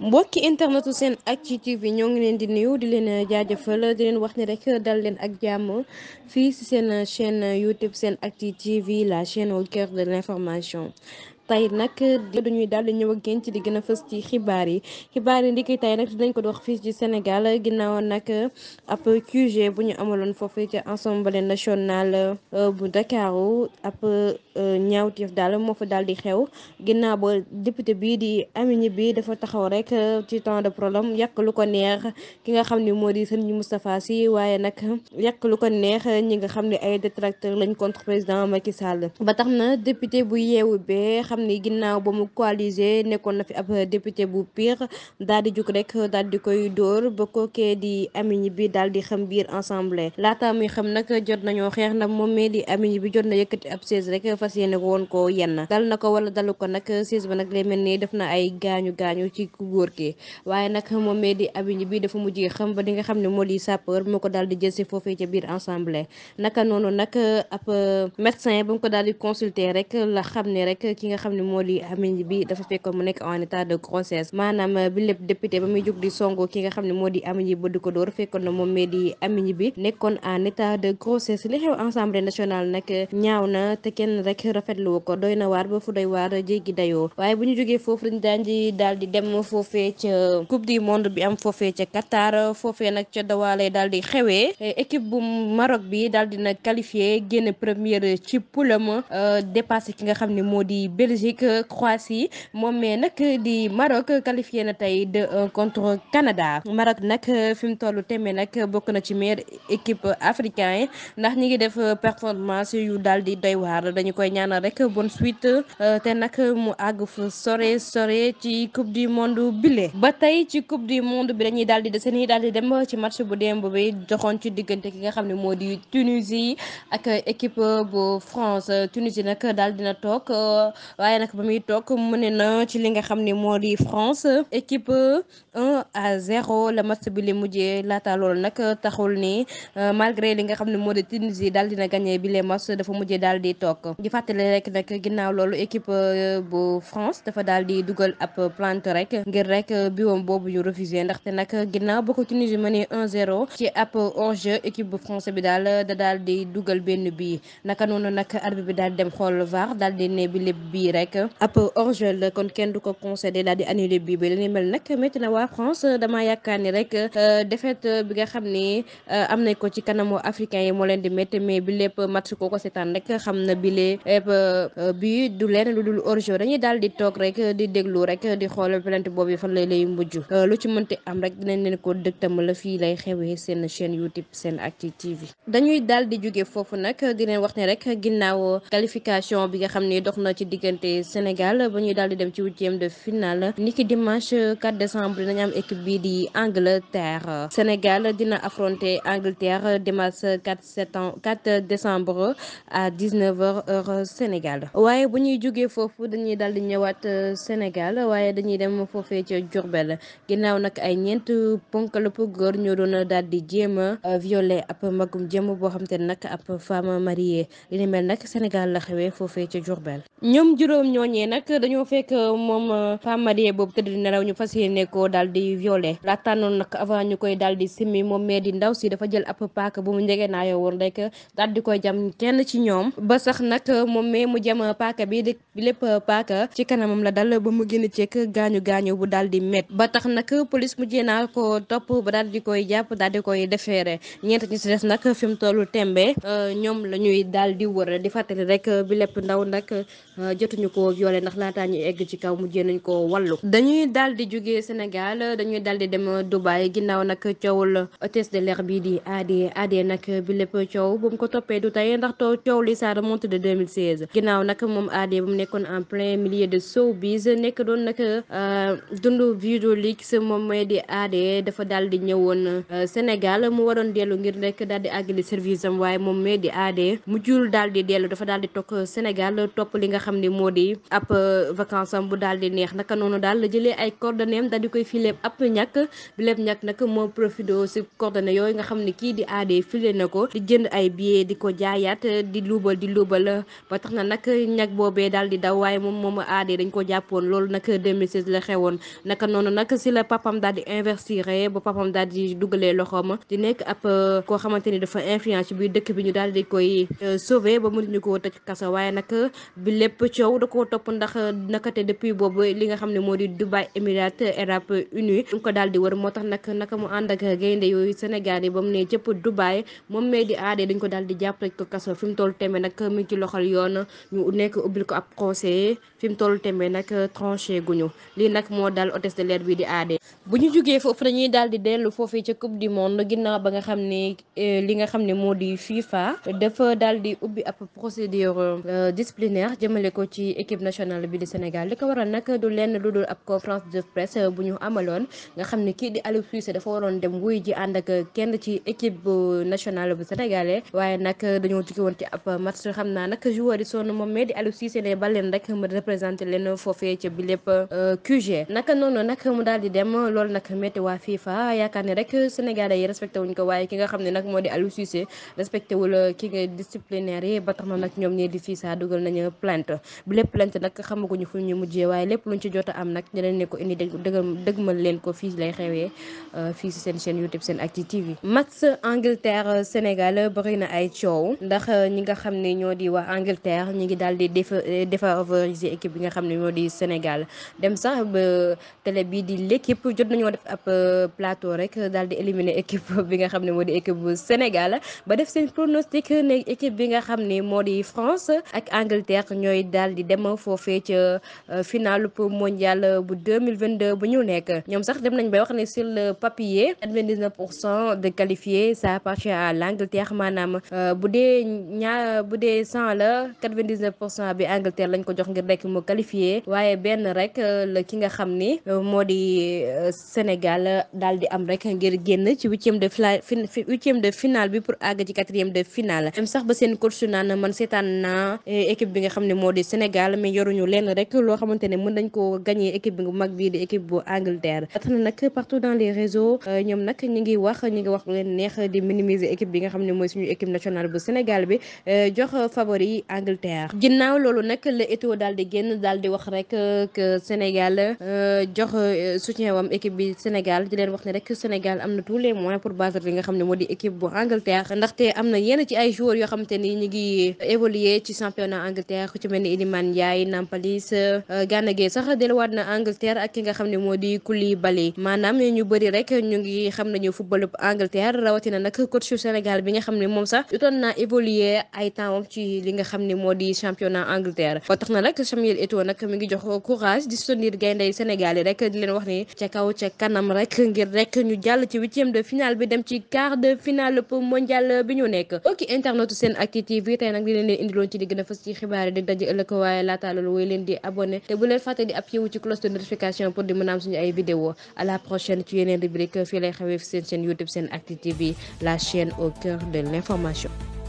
mbokki internetu seen acti tv ñoo ngi leen di nuyu di leen jaajëfal di leen wax ni rek dal leen ak jàmm fii ci seen chaîne youtube seen acti tv la chaîne au cœur de l'information tey nag duñuy daal di ñëw ak yéen ci di gën a fës xibaar yi xibaar yi ndiki tey nag dañ ko dox fii ci Sénégal ginnaaw nag ab QG bu ñu amaloon foofu ci assemblée nationale euh, bu Ndakaaru ab euh, ñaawteef daal moo fa daal di xew ginnaaw ba député bii di Aminy bi dafa taxaw rek euh, ci temps de problème yàq lu ko neex ki nga xam ni moo di sëñ mustafa si waaye nag yàq lu ko neex ñi nga xam ne ay détracteur lañ contre président Macky Sall ba tax na député xam ni ginnaaw ba mu coalisé nekkoon na fi ab député bu Pire daal di jug rek daal di koy dóor ba kookee di Aminy bi daal di xam biir ensemble laataa muy xam nag jot nañoo xeex ndax moom mee di Aminy bi jot na yëkkati ab chaise rek fas yéene ko woon koo yenn dal na ko wala dalu ko nag chaise ba nag lay mel ni def na ay gaañu gaañu ci ku góor ki waaye nag moom mee di Aminy bi dafa mujjee xam ba di nga xam ne moo di sapeur moo ko daal di jël si foofee ca biir ensemble naka noonu nag ab médecin ba mu ko daal consulter rek la xam ne rek ki nga xam ne moo di Amady bi dafa fekkoon mu nekk en état de grossesse maanaam bi lépp député ba muy jóg di songo ki nga xam ne moo di Amady bi nekkoon en état de grossesse li xew assemblée nationale nag ñaaw na te kenn rek rafetlu ko doy na waar ba fu doy waar jéggi dayoo waaye bu ñu jógee foofu dañ daan di daal di dem foofee ca coupe du monde bi am foofee ca Qatar foofee nag ca dawaalee daal di xewee équipe bu Maroc bi daal di na qualifié première ci poulam euh, Belgique euh, moom mee nag di Maroc qualifié na tey de euh, contre Canada Maroc nag euh, fi mu toll teme nag bokk na ci meilleure équipe africaine ndax ñi ngi def performance yu daal di doy waar dañu koy ñaanal rek bonne suite te nag mu àgg fu sore sore ci coupe du monde bile ba tey ci coupe du monde bi dañuy daal di dese nii daal di dem ci match bu démb bi joxoon ci diggante ki nga xam ne moo di Tunisie ak équipe bu France Tunisie nag daal dina toog waaye nag ba muy toog mu ne na ci li nga xam ne moo di France équipe 1 à 0 la match bi li mujjee laata loolu nag taxul ni euh, malgré li nga xam ne moo di Tunisie daal dina gagné bi les matchs dafa mujjee daal di toog di fàttali rek nag ginnaaw loolu équipe euh, bu France dafa daal di dugal ab plante rek ngir rek biwam boobu yu refusé ndaxte nag ginnaaw ba ko ma ni un 0 ci ab hors-jeu équipe bu France bi daal da daal di dugal benn bii naka noonu nag arbitre bi daal di dem xool VAR daal di rek ab orgel la kon kenn du ko concédé daal di annulé bii ba li mel nag métti waa France damaa yaakaar ni rek euh, défaite bi nga xam ni euh, am nañ ko ci kanamu africain yi moo leen di métti mais bi lépp match ko seetaan rek xam na bi lépp euh, bi du leen lu dul orgel dañuy daal di toog rek di déglu rek di xool plainte boobu fa lay lay mujj lu ci mënti am rek dinañ leen ko dëgtam la fii lay xewee seen chaîne YouTube SENactu TV dañuy daal di jóge foofu nag di leen wax ne na affronté Sénégal ba ñuy daal di dem ci huitième de finale niki dimanche 4 décembre dinañ am équipe bi di Angleterre Sénégal dina affronté Angleterre dimanche 4 septembre 4 décembre à 19h heure Sénégal waaye bu ñuy jógee foofu dañuy daal di ñëwaat euh, Sénégal waaye dañuy dem foofee ca Diourbel ginnaaw nag ay ñeent ponk la góor ñoo doon daal di jéem a euh, violer ab magum jëm boo xam te nag ab femme mariée li ni mel nag Sénégal la xewee foofee ca Diourbel juróom ñooñee nag dañoo fekk euh, moom euh, femme mariée boobu tëdd di nelaw ñu fas yéene ko daal di violé laataa noonu nag avant ñu koy daal di simmi moom mee di ndaw si dafa jël ab paaka bu mu njege naayoo woon rek daal di koy jam kenn ci ñoom ba sax nag euh, moom mee mu jam paaka bi di lépp paaka ci kanamam la dal ba mu génn ceek gaañu gaañu bu daal di met ba tax nag police mujjee naa ko topp ba daal di koy jàpp daal di koy defeere ñeent ñi si des nag fi mu tollu tembe ñoom la ñuy daal di wër di fàttali rek bi lépp ndaw nag jotu jotuñu koo violé ndax laataa ñu egg ci kaw mujjee nañ koo wallu dañuy daal di jógee Sénégal dañuy daal di dem Dubaï ginnaaw nag coowul hôtesse de l'air bii di aade aade nag bi lépp coow bu mu ko toppee du tey ndax too coow li ça remonte de 2016 ginnaaw nag moom aade bu mu nekkoon en plein milieu de showbiz nekk doon nag euh, dund vidéo leaks moom mooy di aade dafa daal di ñëwoon euh, Sénégal mu waroon dellu ngir rek daal di àggali service am waaye moom mooy di aade mu jul daal moo di ab euh, vacance am bu daal di neex naka noonu daal la jëlee ay coordonnées daal di koy fileeb ab ñàkk bi lépp ñàkk nag moo profité si coordonnées yooyu nga xam ne kii di aadee file na ko di jënd ay billets di ko jaayaat di luubal di luubal ba tax na nag ñàkk boobee daal di daw waaye moom moomu aadee dañ ko jàppoon loolu nag 2016 la xewoon naka noonu nag si la papam daal di investir ba papam daal di dugalee loxoom di nekk ab euh, koo xamante ni dafa influence bi dëkk bi ñu daal di koy euh, sauver ba mënuñu ko tëj kaso waaye nag bi lépp coow kaw da koo topp ndax euh, nakate depuis boobu li nga xam ne moo di Dubai Émirats Arabes Unis ñu ko daal di wër moo tax nag naka mu ànd ak gaynde yooyu Sénégal yi ba mu ne cëpp Dubai moom mee di aadee dañ ko daal di jàpp rek kaso fi mu toll tembe nag ci loxol yoon ñu nekk ubbil ko ab conseiller fi mu toll tembe nag euh, tranché guñu lii nag moo daal hôtesse de l'air bi di aadee bu ñu jugee foofu dañuy daal dellu foofee ca coupe du monde ginnaaw ba nga xam ne euh, li nga xam ne moo di FIFA dafa daal di ubbi ab procédure disciplinaire ci équipe nationale bi di Sénégal li ko waral nag du lenn lu dul ab conférence de presse bu ñu amaloon nga xam ne kii di Aliou Cissé dafa waroon dem wuy ji ànd ak kenn ci équipe nationale bu sénégalais waaye nag dañoo jóge woon ci ab a naa nag joueur yi sonn moom mais di Aliou Cissé ne ba leen rek mu représenté leen foofee ca bi lépp euh, QG naka noonu nag mu daal di dem loolu nag metti waa FIFA yaakaar ne rek sénégalais yi respecté ko waaye ki nga xam ni nag moo di Aliou Cissé respecté ki nga yi ba tax na nag ñoom ñii lépp lañ ci nag xamaguñu fu ñu mujjee waaye lépp luñ ci jot a am nag ñeneen ne ko indi dëgg leen ko fii lay xewee euh, fii si seen YouTube SENactu TV. match Angleterre Sénégal bëri na ay coow ndax euh, ñi nga xam ne ñoo di waa Angleterre ñi ngi daal di euh, défavoriser équipe bi nga xam ne ñoo di Sénégal dem sax ba télé bii di l'équipe jot nañoo def ab plateau rek daal di éliminer équipe bi nga xam ne moo di équipe bu Sénégal ba def seen pronostic ne équipe bi nga xam ne moo di France di dem foofee ca euh, final mondial euh, bu 2022 bu ñu nekk ñoom sax dem nañ bay wax ne sur le papier 99 pour cent de qualifiés ça appartient à l'Angleterre maanaam euh, bu dee ñaar bu dee 100 la 99 pour cent bi Angleterre lañ ko jox ngir rek mu qualifié waaye benn rek la ki nga xam ni moo di Sénégal daal di am rek ngir génn ci huitième de fila huitième de finale bi pour àgg ci quatrième de finale même sax ba seen coach naan man seetaan naa équipe bi nga Sénégal mais yoruñu lenn rek loo xamante ne mën nañ ko gagné équipe di équipe bu Angleterre tax na nag partout dans les réseaux euh, ñoom nag di minimiser équipe bi nga xam ne mooy euh, la Eto'o daal di génn daal di wax rek euh, que Sénégal jox soutien wam équipe bi bu Angleterre ndaxte am na yenn ci ay joueurs yoo xamante ni ñu ngi évoluer ci championnat Angleterre ci mel ni Iliman Iliman Ndiaye Nampalys euh, Gana Gueye sax delluwaat na Angleterre ak ki nga xam ne moo di Koulibaly maanaam ñu bëri rek ñu ngi xam nañu footballu Angleterre rawatina nag coach Sénégal bi nga xam ne moom sax jotoon naa évoluer ay temps ci li nga xam ne moo di championnat Angleterre ba tax na nag Samuel Eto'o nag mi ngi jox courage di soutenir gayndey Sénégal yi rek di leen wax ni ca kaw ca kanam rek ngir rek ñu jàll ci huitième de finale bi dem ci quart de finale a waaye laata loolu woy leen di abonné te bu leen fàtte di appuyer ci cloche de notification pour di mën a am suñu ay vidéo à la prochaine ci yeneen rubrique fii lay xewee seen chaîne YouTube SENactu TV la chaîne au cœur de l'information